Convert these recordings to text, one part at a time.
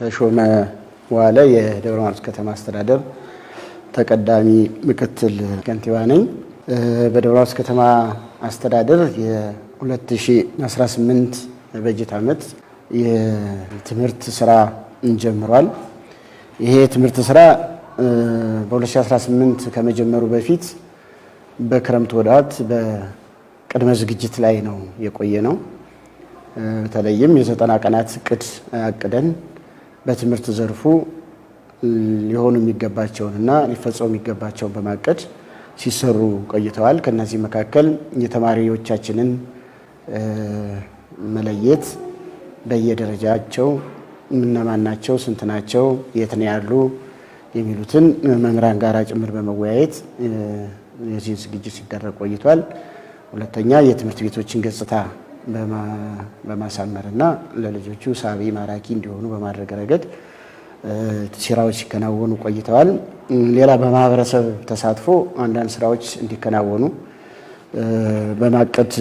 ተሾመ ዋለ የደብረ ማርቆስ ከተማ አስተዳደር ተቀዳሚ ምክትል ከንቲባ ነኝ። በደብረ ማርቆስ ከተማ አስተዳደር የ2018 በጀት ዓመት የትምህርት ስራ እንጀምሯል። ይሄ የትምህርት ስራ በ2018 ከመጀመሩ በፊት በክረምት ወዳት በቅድመ ዝግጅት ላይ ነው የቆየ ነው። በተለይም የዘጠና ቀናት እቅድ አቅደን በትምህርት ዘርፉ ሊሆኑ የሚገባቸውንና ሊፈጸሙ የሚገባቸውን በማቀድ ሲሰሩ ቆይተዋል። ከእነዚህ መካከል የተማሪዎቻችንን መለየት በየደረጃቸው እነማን ናቸው፣ ስንት ናቸው፣ የት ነው ያሉ የሚሉትን መምህራን ጋር ጭምር በመወያየት የዚህን ዝግጅት ሲደረግ ቆይቷል። ሁለተኛ የትምህርት ቤቶችን ገጽታ በማሳመር እና ለልጆቹ ሳቢ ማራኪ እንዲሆኑ በማድረግ ረገድ ስራዎች ሲከናወኑ ቆይተዋል። ሌላ በማህበረሰብ ተሳትፎ አንዳንድ ስራዎች እንዲከናወኑ በማቀድ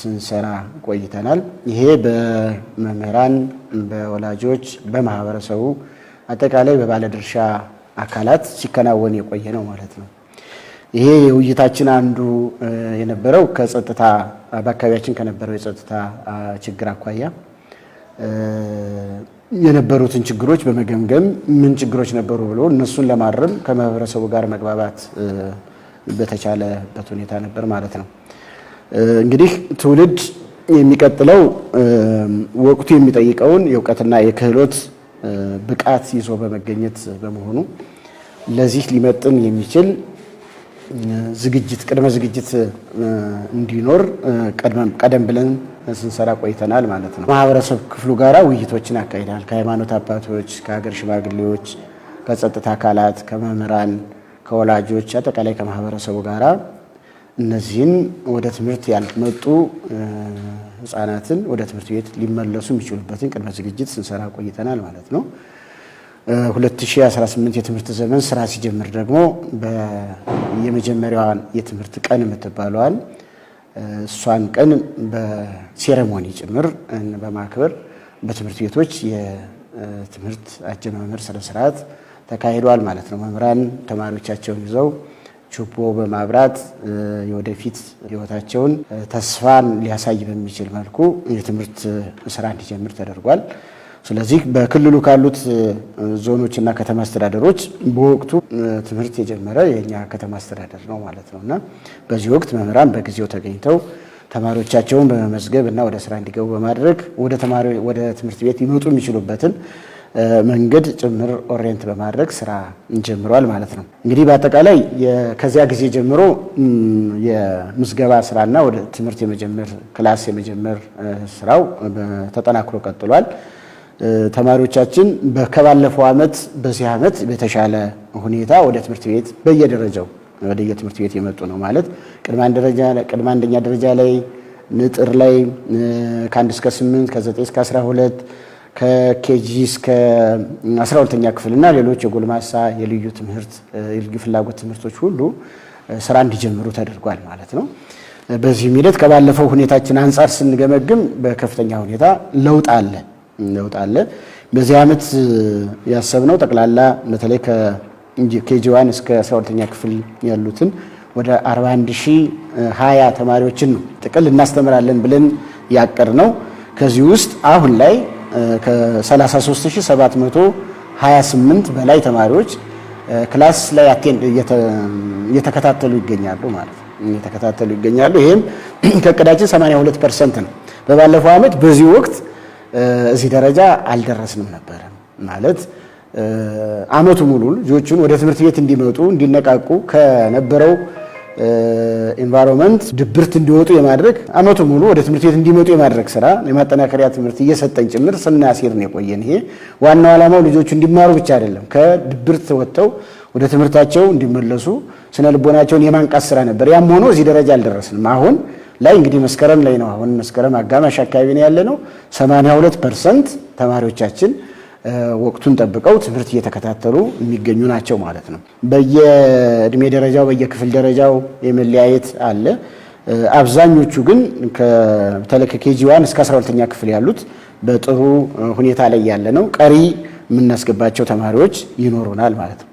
ስንሰራ ቆይተናል። ይሄ በመምህራን፣ በወላጆች፣ በማህበረሰቡ አጠቃላይ በባለድርሻ አካላት ሲከናወን የቆየ ነው ማለት ነው። ይሄ የውይይታችን አንዱ የነበረው ከጸጥታ በአካባቢያችን ከነበረው የጸጥታ ችግር አኳያ የነበሩትን ችግሮች በመገምገም ምን ችግሮች ነበሩ ብሎ እነሱን ለማረም ከማህበረሰቡ ጋር መግባባት በተቻለበት ሁኔታ ነበር ማለት ነው። እንግዲህ ትውልድ የሚቀጥለው ወቅቱ የሚጠይቀውን የእውቀትና የክህሎት ብቃት ይዞ በመገኘት በመሆኑ ለዚህ ሊመጥን የሚችል ዝግጅት ቅድመ ዝግጅት እንዲኖር ቀደም ብለን ስንሰራ ቆይተናል ማለት ነው። ማህበረሰብ ክፍሉ ጋራ ውይይቶችን ያካሂዳል ከሃይማኖት አባቶች፣ ከሀገር ሽማግሌዎች፣ ከጸጥታ አካላት፣ ከመምህራን፣ ከወላጆች፣ አጠቃላይ ከማህበረሰቡ ጋራ እነዚህን ወደ ትምህርት ያልመጡ ህፃናትን ወደ ትምህርት ቤት ሊመለሱ የሚችሉበትን ቅድመ ዝግጅት ስንሰራ ቆይተናል ማለት ነው። 2018 የትምህርት ዘመን ስራ ሲጀምር ደግሞ የመጀመሪያዋን የትምህርት ቀን የምትባለዋን እሷን ቀን በሴሬሞኒ ጭምር በማክበር በትምህርት ቤቶች የትምህርት አጀማመር ስነስርዓት ተካሂዷል ማለት ነው። መምህራን ተማሪዎቻቸውን ይዘው ችቦ በማብራት የወደፊት ህይወታቸውን ተስፋን ሊያሳይ በሚችል መልኩ የትምህርት ስራ እንዲጀምር ተደርጓል። ስለዚህ በክልሉ ካሉት እና ከተማ አስተዳደሮች በወቅቱ ትምህርት የጀመረ የእኛ ከተማ አስተዳደር ነው ማለት ነው እና በዚህ ወቅት መምህራን በጊዜው ተገኝተው ተማሪዎቻቸውን በመመዝገብ እና ወደ ስራ እንዲገቡ በማድረግ ወደ ትምህርት ቤት ሊመጡ የሚችሉበትን መንገድ ጭምር ኦሪየንት በማድረግ ስራ እንጀምረዋል ማለት ነው። እንግዲህ በአጠቃላይ ከዚያ ጊዜ ጀምሮ የምዝገባ ስራና ወደ ትምህርት የመጀመር ክላስ የመጀመር ስራው ተጠናክሮ ቀጥሏል። ተማሪዎቻችን ከባለፈው ዓመት በዚህ ዓመት በተሻለ ሁኔታ ወደ ትምህርት ቤት በየደረጃው ወደ የትምህርት ቤት የመጡ ነው ማለት ቅድመ አንደኛ ደረጃ ላይ ንጥር ላይ ከአንድ እስከ ስምንት ከዘጠኝ እስከ አስራ ሁለት ከኬጂ እስከ አስራ ሁለተኛ ክፍል እና ሌሎች የጎልማሳ የልዩ ትምህርት የልዩ ፍላጎት ትምህርቶች ሁሉ ስራ እንዲጀምሩ ተደርጓል ማለት ነው። በዚህም ሂደት ከባለፈው ሁኔታችን አንጻር ስንገመግም በከፍተኛ ሁኔታ ለውጥ አለ። አለ በዚህ ዓመት ያሰብነው ጠቅላላ በተለይ ከኬጂዋን እስከ 12ኛ ክፍል ያሉትን ወደ 41 ተማሪዎችን ነው ጥቅል እናስተምራለን ብለን ያቀድ ነው። ከዚህ ውስጥ አሁን ላይ ከ33728 በላይ ተማሪዎች ክላስ ላይ እየተከታተሉ ይገኛሉ ማለት ነው። እየተከታተሉ ይገኛሉ። ይህም ከእቅዳችን 82 ፐርሰንት ነው። በባለፈው ዓመት በዚህ ወቅት እዚህ ደረጃ አልደረስንም ነበር ማለት አመቱ ሙሉ ልጆቹን ወደ ትምህርት ቤት እንዲመጡ እንዲነቃቁ ከነበረው ኤንቫይሮንመንት ድብርት እንዲወጡ የማድረግ አመቱ ሙሉ ወደ ትምህርት ቤት እንዲመጡ የማድረግ ስራ የማጠናከሪያ ትምህርት እየሰጠን ጭምር ስናሴር ነው የቆየን። ይሄ ዋናው ዓላማው ልጆቹ እንዲማሩ ብቻ አይደለም፣ ከድብርት ወጥተው ወደ ትምህርታቸው እንዲመለሱ ስነ ልቦናቸውን የማንቃት ስራ ነበር። ያም ሆኖ እዚህ ደረጃ አልደረስንም። አሁን ላይ እንግዲህ መስከረም ላይ ነው። አሁን መስከረም አጋማሽ አካባቢ ነው ያለ ነው። 82 ፐርሰንት ተማሪዎቻችን ወቅቱን ጠብቀው ትምህርት እየተከታተሉ የሚገኙ ናቸው ማለት ነው። በየእድሜ ደረጃው በየክፍል ደረጃው የመለያየት አለ። አብዛኞቹ ግን ኬጂ ዋን እስከ 12ኛ ክፍል ያሉት በጥሩ ሁኔታ ላይ ያለ ነው። ቀሪ የምናስገባቸው ተማሪዎች ይኖሩናል ማለት ነው።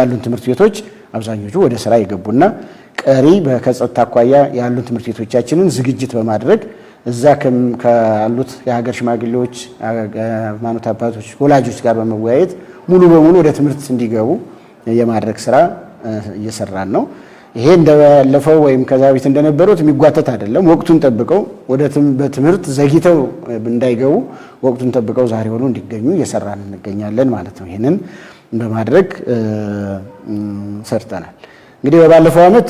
ያሉን ትምህርት ቤቶች አብዛኞቹ ወደ ስራ የገቡና ቀሪ ከጸጥታ አኳያ ያሉን ትምህርት ቤቶቻችንን ዝግጅት በማድረግ እዛ ካሉት የሀገር ሽማግሌዎች፣ ሃይማኖት አባቶች፣ ወላጆች ጋር በመወያየት ሙሉ በሙሉ ወደ ትምህርት እንዲገቡ የማድረግ ስራ እየሰራን ነው። ይሄ እንደለፈው ወይም ከዛ ቤት እንደነበሩት የሚጓተት አይደለም። ወቅቱን ጠብቀው ወደ በትምህርት ዘግይተው እንዳይገቡ ወቅቱን ጠብቀው ዛሬ ሆኖ እንዲገኙ እየሰራን እንገኛለን ማለት ነው። ይህንን በማድረግ ሰርተናል። እንግዲህ በባለፈው ዓመት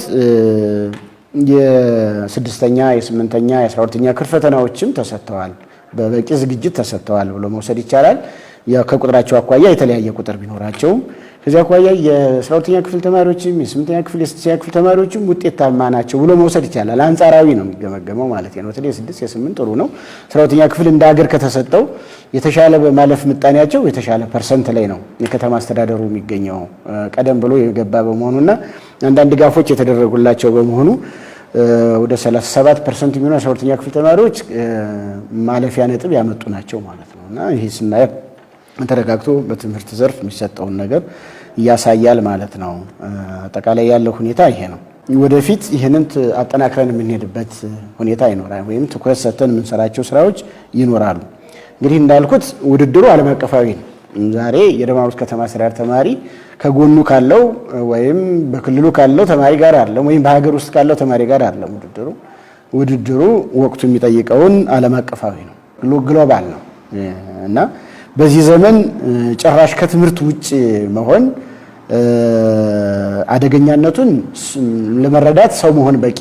የስድስተኛ የስምንተኛ የአስራ ሁለተኛ ክፍል ፈተናዎችም ተሰጥተዋል፣ በበቂ ዝግጅት ተሰጥተዋል ብሎ መውሰድ ይቻላል። ከቁጥራቸው አኳያ የተለያየ ቁጥር ቢኖራቸውም ከዚህ አኳያ የአስራ ሁለተኛ ክፍል ተማሪዎችም የስምንተኛ ክፍል የስድስተኛ ክፍል ተማሪዎችም ውጤታማ ናቸው ብሎ መውሰድ ይቻላል። አንጻራዊ ነው የሚገመገመው ማለት ነው። በተለይ የስድስት የስምንት ጥሩ ነው። አስራ ሁለተኛ ክፍል እንደ ሀገር ከተሰጠው የተሻለ በማለፍ ምጣኔያቸው የተሻለ ፐርሰንት ላይ ነው የከተማ አስተዳደሩ የሚገኘው ቀደም ብሎ የገባ በመሆኑና አንዳንድ ድጋፎች የተደረጉላቸው በመሆኑ ወደ 37 ፐርሰንት የሚሆኑ አስራ ሁለተኛ ክፍል ተማሪዎች ማለፊያ ነጥብ ያመጡ ናቸው ማለት ነው እና ይህ ስናየ ተረጋግቶ በትምህርት ዘርፍ የሚሰጠውን ነገር እያሳያል ማለት ነው። አጠቃላይ ያለው ሁኔታ ይሄ ነው። ወደፊት ይህንን አጠናክረን የምንሄድበት ሁኔታ ይኖራል፣ ወይም ትኩረት ሰጥተን የምንሰራቸው ስራዎች ይኖራሉ። እንግዲህ እንዳልኩት ውድድሩ ዓለም አቀፋዊ ነው። ዛሬ የደብረ ከተማ አስተዳደር ተማሪ ከጎኑ ካለው ወይም በክልሉ ካለው ተማሪ ጋር አይደለም፣ ወይም በሀገር ውስጥ ካለው ተማሪ ጋር አይደለም። ውድድሩ ውድድሩ ወቅቱ የሚጠይቀውን ዓለም አቀፋዊ ነው፣ ግሎባል ነው እና በዚህ ዘመን ጭራሽ ከትምህርት ውጭ መሆን አደገኛነቱን ለመረዳት ሰው መሆን በቂ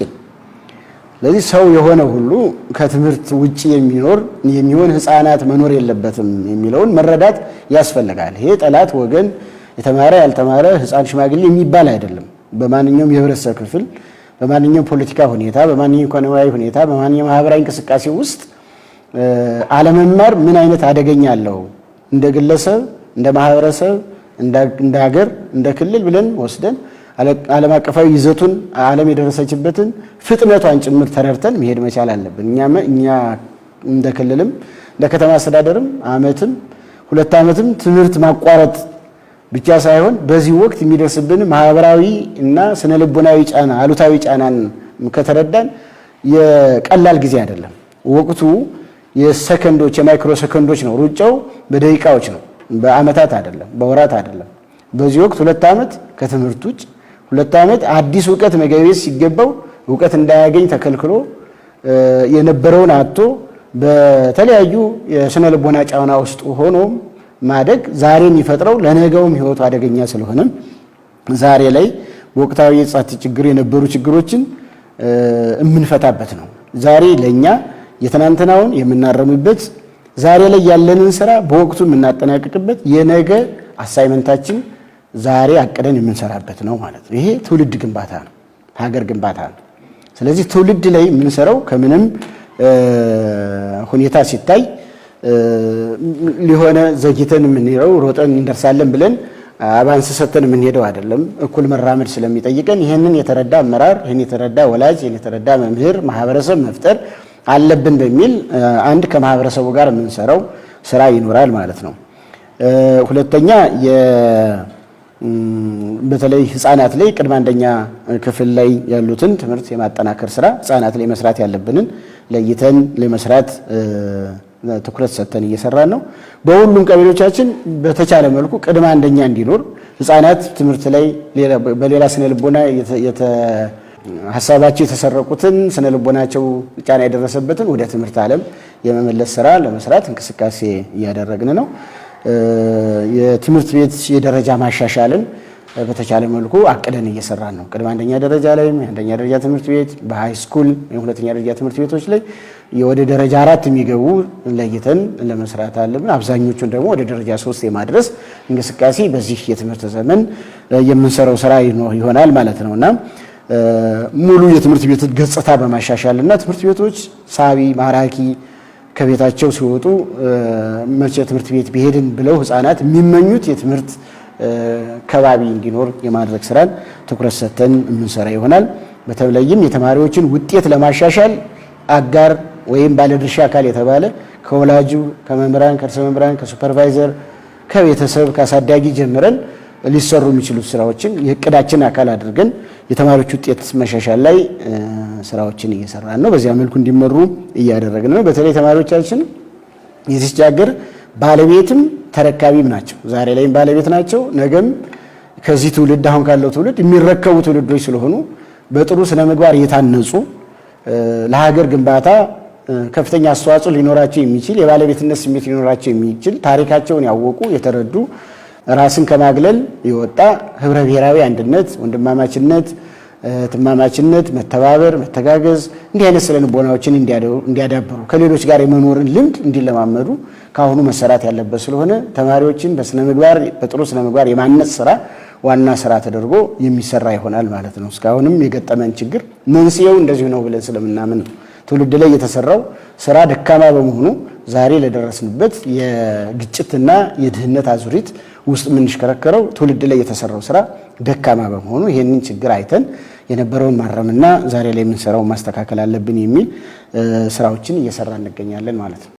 ስለዚህ ሰው የሆነ ሁሉ ከትምህርት ውጭ የሚኖር የሚሆን ህፃናት መኖር የለበትም የሚለውን መረዳት ያስፈልጋል። ይሄ ጠላት ወገን፣ የተማረ ያልተማረ፣ ህፃን ሽማግሌ የሚባል አይደለም። በማንኛውም የህብረተሰብ ክፍል፣ በማንኛውም ፖለቲካ ሁኔታ፣ በማንኛውም ኢኮኖሚያዊ ሁኔታ፣ በማንኛውም ማህበራዊ እንቅስቃሴ ውስጥ አለመማር ምን አይነት አደገኛ አለው እንደ ግለሰብ፣ እንደ ማህበረሰብ፣ እንደ ሀገር፣ እንደ ክልል ብለን ወስደን ዓለም አቀፋዊ ይዘቱን ዓለም የደረሰችበትን ፍጥነቷን ጭምር ተረድተን መሄድ መቻል አለብን። እኛ እንደ ክልልም እንደ ከተማ አስተዳደርም ዓመትም ሁለት ዓመትም ትምህርት ማቋረጥ ብቻ ሳይሆን በዚህ ወቅት የሚደርስብን ማህበራዊ እና ስነ ልቦናዊ ጫና አሉታዊ ጫናን ከተረዳን የቀላል ጊዜ አይደለም። ወቅቱ የሰከንዶች የማይክሮ ሰከንዶች ነው። ሩጫው በደቂቃዎች ነው። በዓመታት አይደለም፣ በወራት አይደለም። በዚህ ወቅት ሁለት ዓመት ከትምህርት ውጭ ሁለት ዓመት አዲስ እውቀት መገቤት ሲገባው እውቀት እንዳያገኝ ተከልክሎ የነበረውን አጥቶ በተለያዩ የስነ ልቦና ጫና ውስጥ ሆኖም ማደግ ዛሬ የሚፈጥረው ለነገውም ህይወቱ አደገኛ ስለሆነ ዛሬ ላይ በወቅታዊ የጸጥታ ችግር የነበሩ ችግሮችን የምንፈታበት ነው። ዛሬ ለእኛ የትናንትናውን የምናረሙበት ዛሬ ላይ ያለንን ስራ በወቅቱ የምናጠናቅቅበት የነገ አሳይመንታችን ዛሬ አቅደን የምንሰራበት ነው ማለት ነው። ይሄ ትውልድ ግንባታ ነው፣ ሀገር ግንባታ ነው። ስለዚህ ትውልድ ላይ የምንሰራው ከምንም ሁኔታ ሲታይ ሊሆነ ዘግይተን የምንሄደው ሮጠን እንደርሳለን ብለን አባንስ ሰተን የምንሄደው አይደለም። እኩል መራመድ ስለሚጠይቀን ይህንን የተረዳ አመራር፣ ይህን የተረዳ ወላጅ፣ ይህን የተረዳ መምህር ማህበረሰብ መፍጠር አለብን በሚል አንድ ከማህበረሰቡ ጋር የምንሰራው ስራ ይኖራል ማለት ነው። ሁለተኛ በተለይ ህፃናት ላይ ቅድመ አንደኛ ክፍል ላይ ያሉትን ትምህርት የማጠናከር ስራ ህፃናት ላይ መስራት ያለብንን ለይተን ለመስራት ትኩረት ሰጥተን እየሰራን ነው። በሁሉም ቀበሌዎቻችን በተቻለ መልኩ ቅድመ አንደኛ እንዲኖር ህፃናት ትምህርት ላይ በሌላ ስነ ልቦና ሀሳባቸው የተሰረቁትን ስነ ልቦናቸው ጫና የደረሰበትን ወደ ትምህርት ዓለም የመመለስ ስራ ለመስራት እንቅስቃሴ እያደረግን ነው። የትምህርት ቤት የደረጃ ማሻሻልን በተቻለ መልኩ አቅደን እየሰራን ነው። ቅድመ አንደኛ ደረጃ ላይ የአንደኛ ደረጃ ትምህርት ቤት በሃይ ስኩል የሁለተኛ ደረጃ ትምህርት ቤቶች ላይ ወደ ደረጃ አራት የሚገቡ ለይተን ለመስራት አለብን። አብዛኞቹን ደግሞ ወደ ደረጃ ሶስት የማድረስ እንቅስቃሴ በዚህ የትምህርት ዘመን የምንሰራው ስራ ይሆናል ማለት ነው እና ሙሉ የትምህርት ቤት ገጽታ በማሻሻል እና ትምህርት ቤቶች ሳቢ ማራኪ ከቤታቸው ሲወጡ መቼ ትምህርት ቤት ቢሄድን ብለው ህፃናት የሚመኙት የትምህርት ከባቢ እንዲኖር የማድረግ ስራን ትኩረት ሰጥተን የምንሰራ ይሆናል። በተለይም የተማሪዎችን ውጤት ለማሻሻል አጋር ወይም ባለድርሻ አካል የተባለ ከወላጁ፣ ከመምህራን፣ ከርዕሰ መምህራን፣ ከሱፐርቫይዘር፣ ከቤተሰብ፣ ከአሳዳጊ ጀምረን ሊሰሩ የሚችሉ ስራዎችን የእቅዳችን አካል አድርገን የተማሪዎች ውጤት መሻሻል ላይ ስራዎችን እየሰራን ነው። በዚያ መልኩ እንዲመሩ እያደረግን ነው። በተለይ ተማሪዎቻችን የዚች ሀገር ባለቤትም ተረካቢም ናቸው። ዛሬ ላይም ባለቤት ናቸው። ነገም ከዚህ ትውልድ አሁን ካለው ትውልድ የሚረከቡ ትውልዶች ስለሆኑ በጥሩ ስነ ምግባር እየታነጹ ለሀገር ግንባታ ከፍተኛ አስተዋጽኦ ሊኖራቸው የሚችል የባለቤትነት ስሜት ሊኖራቸው የሚችል ታሪካቸውን ያወቁ የተረዱ ራስን ከማግለል የወጣ ህብረ ብሔራዊ አንድነት፣ ወንድማማችነት፣ ትማማችነት፣ መተባበር፣ መተጋገዝ እንዲህ አይነት ስነ ልቦናዎችን እንዲያዳብሩ ከሌሎች ጋር የመኖርን ልምድ እንዲለማመዱ ከአሁኑ መሰራት ያለበት ስለሆነ ተማሪዎችን ምግባር በጥሩ ምግባር የማነጽ ስራ ዋና ስራ ተደርጎ የሚሰራ ይሆናል ማለት ነው። እስካሁንም የገጠመን ችግር መንስኤው እንደዚሁ ነው ብለን ስለምናምን ነው። ትውልድ ላይ የተሰራው ስራ ደካማ በመሆኑ ዛሬ ለደረስንበት የግጭትና የድህነት አዙሪት ውስጥ የምንሽከረከረው ትውልድ ላይ የተሰራው ስራ ደካማ በመሆኑ ይህንን ችግር አይተን የነበረውን ማረምና ዛሬ ላይ የምንሰራው ማስተካከል አለብን የሚል ስራዎችን እየሰራ እንገኛለን ማለት ነው።